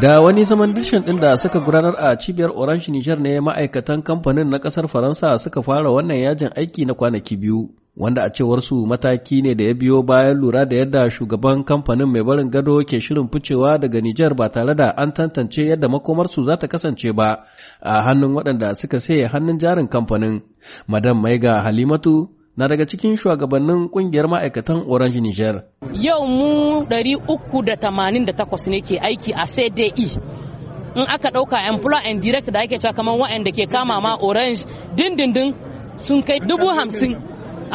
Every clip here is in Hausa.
Da wani zaman dishin ɗin da suka gudanar a cibiyar Orange Niger ne ma'aikatan kamfanin na ƙasar Faransa suka fara wannan yajin aiki na kwanaki biyu. Wanda a cewar su mataki ne da ya biyo bayan lura da yadda shugaban kamfanin mai barin gado ke shirin ficewa daga Nijar ba tare da an tantance yadda makomarsu za ta kasance ba a hannun waɗanda suka sai hannun jarin kamfanin. Madam Maiga Halimatu na daga cikin shugabannin kungiyar ma'aikatan Orange Niger. Yau mu 388 ne ke aiki a CDI. E. In aka ɗauka employer and direct da ake cewa kamar waɗanda ke kama ma Orange dindindin sun kai dubu hamsin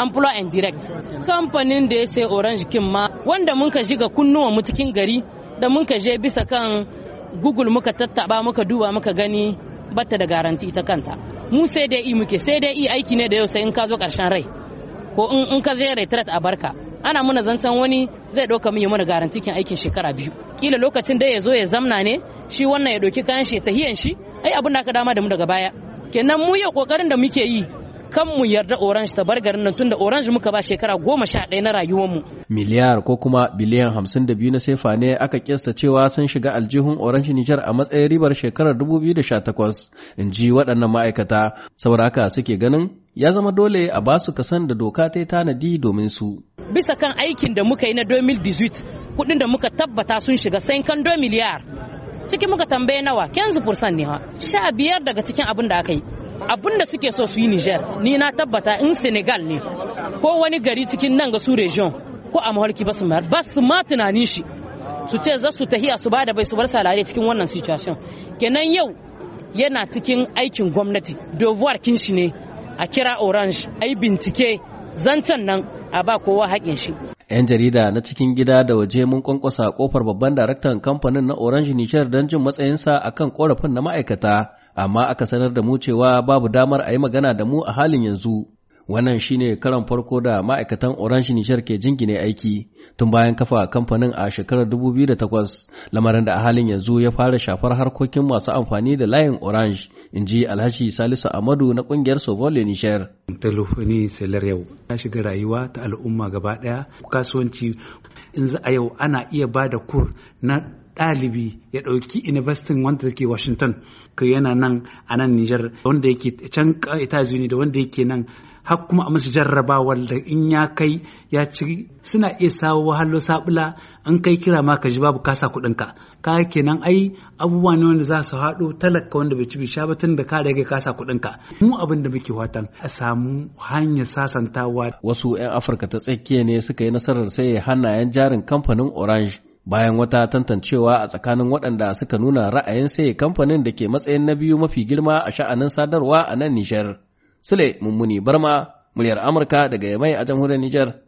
employer and direct. Kamfanin da ya sai Orange kin ma wanda mun ka shiga kunnuwa mu cikin gari da mun ka je bisa kan Google muka tattaba muka duba muka gani bata da garanti ta kanta. Mu sai dai e muke sai dai e aiki ne da yau sai in ka zo ƙarshen rai. ko in ka je retret a barka ana muna zancen wani zai ɗauka min mana garantikin aikin shekara biyu kila lokacin da ya zo ya zamna ne shi wannan ya ɗauki kayan shi tahiyan shi ai abin da aka dama da mu daga baya kenan mu ya kokarin da muke yi kan mu yarda orange ta bar garin nan tunda orange muka ba shekara goma sha ɗaya na rayuwar mu. miliyar ko kuma biliyan hamsin da biyu na sefa ne aka kista cewa sun shiga aljihun orange nijar a matsayin ribar shekarar 2018 in ji waɗannan ma'aikata saboda haka suke ganin ya zama dole a ba su kasan da doka ta tanadi domin su. Bisa kan aikin da muka yi na 2018 kuɗin da muka tabbata sun shiga sai kan 2 miliyar. Ciki muka tambaye nawa kenzu fursan ne ha. Sha biyar daga cikin abin da aka yi. Abin da suke so su yi Niger ni na tabbata in Senegal ne ko wani gari cikin nan ga su region ko a maharki ba su mayar ba su ma tunanin shi su ce za su tahiya su bada bai su bar salari cikin wannan situation kenan yau yana cikin aikin gwamnati devoir kin shi ne a kira orange a bincike zancen nan a ba kowa haƙin shi 'yan jarida na cikin gida da waje mun kwankwasa kofar babban daraktan kamfanin na orange nijar don jin matsayinsa a kan korafin na ma'aikata amma aka sanar da mu cewa babu damar a yi magana da mu a halin yanzu Wannan shine karan farko da ma'aikatan Orange Nishar ke jingine aiki tun bayan kafa kamfanin a shekarar 2008 lamarin da a halin yanzu ya fara shafar harkokin masu amfani da layin Orange in ji Alhaji Salisu Amadu na kungiyar Sobole Nishar. Telefoni selar yau ta shiga rayuwa ta al'umma gaba ɗaya kasuwanci in za a yau ana iya ba da kur na ɗalibi ya ɗauki investing wanda take washington ka yana nan a nan Nijar. wanda yake can etats-unis da wanda yake nan har kuma a musu jarrabawar da in ya kai ya ci suna iya sawo wahalo sabula in kai kira ma ka ji babu kasa kuɗinka ka kenan ai abubuwa ne wanda za su haɗo talaka wanda bai ci bi, ba tun da ka rage kasa kuɗinka mu abin da muke watan a samu hanyar sasantawa wasu 'yan afirka ta tsakiya ne suka yi nasarar sai hannayen jarin kamfanin orange bayan wata tantancewa a tsakanin waɗanda suka nuna ra'ayin sai kamfanin da ke matsayin na biyu mafi girma a sha'anin sadarwa a nan Nijar. Sule Mummuni Barma, muryar Amurka daga Yamai a jamhuriyar Nijar.